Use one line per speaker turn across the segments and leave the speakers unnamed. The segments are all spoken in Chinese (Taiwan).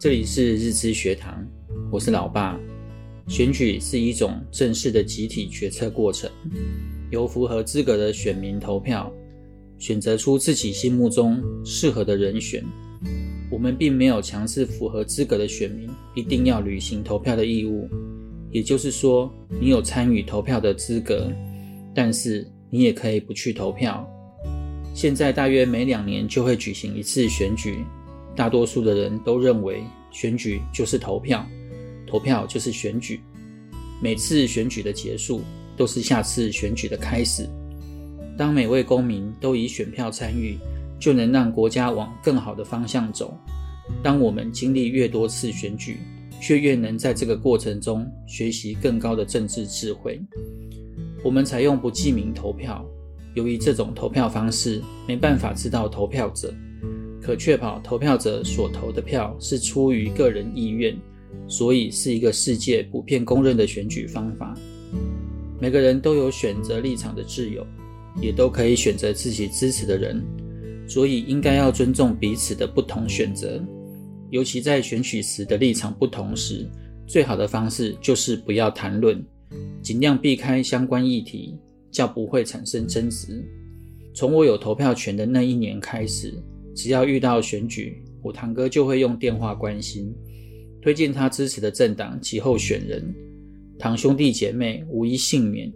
這裡是日知學堂，我是老爸。選舉是一種正式的集體決策過程，由符合資格的選民投票，選擇出自己心目中適合的人選。我們並沒有強制符合資格的選民一定要履行投票的義務，也就是說，你有參與投票的資格，但是你也可以不去投票。現在大約每兩年就會舉行一次選舉。大多數的人都認為，選舉就是投票，投票就是選舉。每次選舉的結束都是下次選舉的開始。當每位公民都以選票參與，就能讓國家往更好的方向走。當我們經歷越多次選舉，卻越能在這個過程中學習更高的政治智慧。我們採用不記名投票，由於這種投票方式沒辦法知道投票者。可確保投票者所投的票是出於個人意願，所以是一個世界普遍公認的選舉方法。每個人都有選擇立場的自由，也都可以選擇自己支持的人，所以應該要尊重彼此的不同選擇。尤其在選舉時的立場不同時，最好的方式就是不要談論，盡量避開相關議題，較不會產生爭執。從我有投票權的那一年開始。只要遇到選舉，我堂哥就會用電話關心，推薦他支持的政黨及候選人。堂兄弟姐妹無一幸免。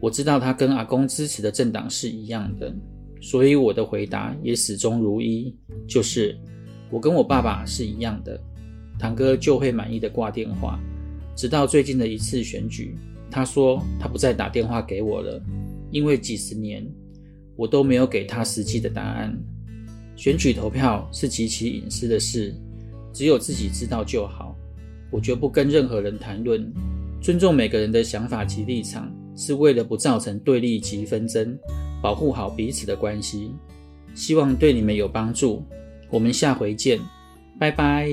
我知道他跟阿公支持的政黨是一樣的，所以我的回答也始終如一，就是我跟我爸爸是一樣的。堂哥就會滿意的掛電話。直到最近的一次選舉，他說他不再打電話給我了，因為幾十年我都沒有給他實際的答案。選舉投票是極其隱私的事，只有自己知道就好。我絕不跟任何人談論，尊重每個人的想法及立場，是為了不造成對立及紛爭，保護好彼此的關係。希望對你們有幫助。我們下回見，拜拜。